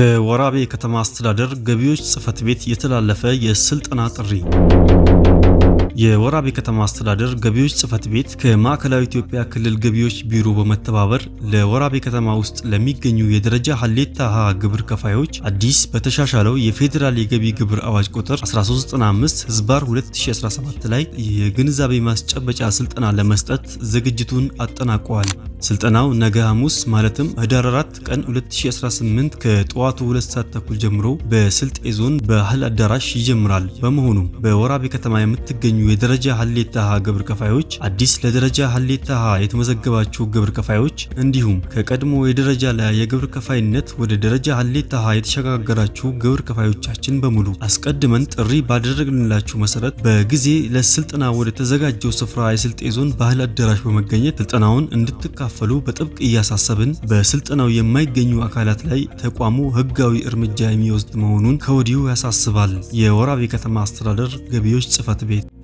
ከወራቤ ከተማ አስተዳደር ገቢዎች ጽፈት ቤት የተላለፈ የስልጠና ጥሪ። የወራቤ ከተማ አስተዳደር ገቢዎች ጽህፈት ቤት ከማዕከላዊ ኢትዮጵያ ክልል ገቢዎች ቢሮ በመተባበር ለወራቤ ከተማ ውስጥ ለሚገኙ የደረጃ ሀሌታ ሀ ግብር ከፋዮች አዲስ በተሻሻለው የፌዴራል የገቢ ግብር አዋጅ ቁጥር 1395 ህዝባር 2017 ላይ የግንዛቤ ማስጨበጫ ስልጠና ለመስጠት ዝግጅቱን አጠናቀዋል። ስልጠናው ነገ ሐሙስ ማለትም ህዳር 4 ቀን 2018 ከጠዋቱ 2 ሰዓት ተኩል ጀምሮ በስልጤ ዞን ባህል አዳራሽ ይጀምራል። በመሆኑም በወራቤ ከተማ የምትገኙ የደረጃ ሀሌታሃ ግብር ከፋዮች፣ አዲስ ለደረጃ ሀ የተመዘገባችሁ ግብር ከፋዮች እንዲሁም ከቀድሞ የደረጃ ላይ የግብር ከፋይነት ወደ ደረጃ ሀ የተሸጋገራችሁ ግብር ከፋዮቻችን በሙሉ አስቀድመን ጥሪ ባደረግንላችሁ መሰረት በጊዜ ለስልጠና ወደ ተዘጋጀው ስፍራ የስልጤ ዞን ባህል አዳራሽ በመገኘት ስልጠናውን እንድትካ እንዲካፈሉ በጥብቅ እያሳሰብን በስልጠናው የማይገኙ አካላት ላይ ተቋሙ ህጋዊ እርምጃ የሚወስድ መሆኑን ከወዲሁ ያሳስባል። የወራቤ ከተማ አስተዳደር ገቢዎች ጽፈት ቤት